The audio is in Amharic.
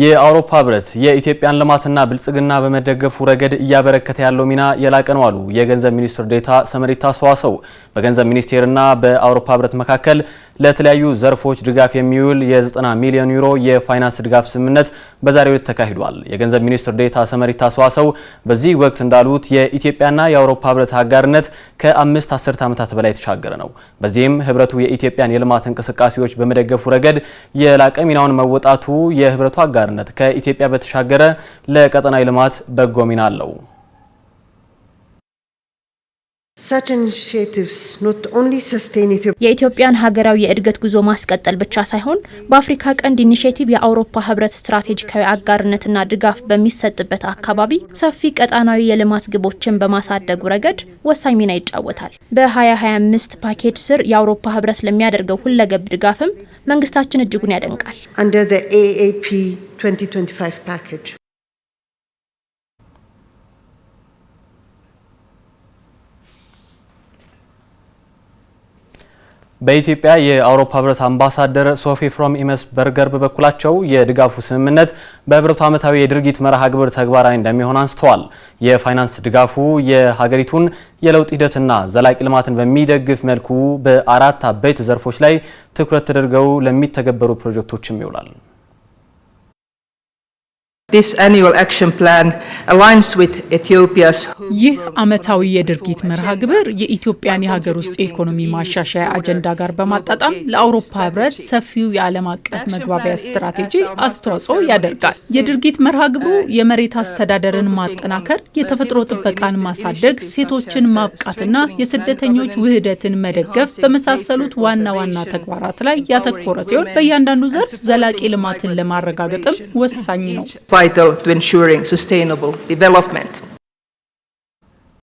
የአውሮፓ ህብረት የኢትዮጵያን ልማትና ብልጽግና በመደገፉ ረገድ እያበረከተ ያለው ሚና የላቀ ነው አሉ የገንዘብ ሚኒስትር ዴታ ሰመሪታ ሰዋሰው። በገንዘብ ሚኒስቴርና በአውሮፓ ህብረት መካከል ለተለያዩ ዘርፎች ድጋፍ የሚውል የ90 ሚሊዮን ዩሮ የፋይናንስ ድጋፍ ስምምነት በዛሬው ዕለት ተካሂዷል። የገንዘብ ሚኒስትር ዴታ ሰመሪ አስዋሰው በዚህ ወቅት እንዳሉት የኢትዮጵያና የአውሮፓ ህብረት አጋርነት ከአምስት አስርት ዓመታት በላይ የተሻገረ ነው። በዚህም ህብረቱ የኢትዮጵያን የልማት እንቅስቃሴዎች በመደገፉ ረገድ የላቀ ሚናውን መወጣቱ የህብረቱ አጋርነት ከኢትዮጵያ በተሻገረ ለቀጠናዊ ልማት በጎ ሚና አለው። የኢትዮጵያን ሀገራዊ የእድገት ጉዞ ማስቀጠል ብቻ ሳይሆን በአፍሪካ ቀንድ ኢኒሽቲቭ የአውሮፓ ህብረት ስትራቴጂካዊ አጋርነትና ድጋፍ በሚሰጥበት አካባቢ ሰፊ ቀጣናዊ የልማት ግቦችን በማሳደጉ ረገድ ወሳኝ ሚና ይጫወታል። በ2025 ፓኬጅ ስር የአውሮፓ ህብረት ለሚያደርገው ሁለገብ ድጋፍም መንግስታችን እጅጉን ያደንቃል። በኢትዮጵያ የአውሮፓ ህብረት አምባሳደር ሶፊ ፍሮም ኢመስ በርገር በበኩላቸው የድጋፉ ስምምነት በህብረቱ ዓመታዊ የድርጊት መርሃ ግብር ተግባራዊ እንደሚሆን አንስተዋል። የፋይናንስ ድጋፉ የሀገሪቱን የለውጥ ሂደትና ዘላቂ ልማትን በሚደግፍ መልኩ በአራት አበይት ዘርፎች ላይ ትኩረት ተደርገው ለሚተገበሩ ፕሮጀክቶችም ይውላል። ይህ ዓመታዊ የድርጊት መርሃ ግብር የኢትዮጵያን የሀገር ውስጥ የኢኮኖሚ ማሻሻያ አጀንዳ ጋር በማጣጣም ለአውሮፓ ህብረት ሰፊው የዓለም አቀፍ መግባቢያ ስትራቴጂ አስተዋጽኦ ያደርጋል። የድርጊት መርሃ ግብሩ የመሬት አስተዳደርን ማጠናከር፣ የተፈጥሮ ጥበቃን ማሳደግ፣ ሴቶችን ማብቃትና የስደተኞች ውህደትን መደገፍ በመሳሰሉት ዋና ዋና ተግባራት ላይ ያተኮረ ሲሆን በእያንዳንዱ ዘርፍ ዘላቂ ልማትን ለማረጋገጥም ወሳኝ ነው። vital to ensuring sustainable development.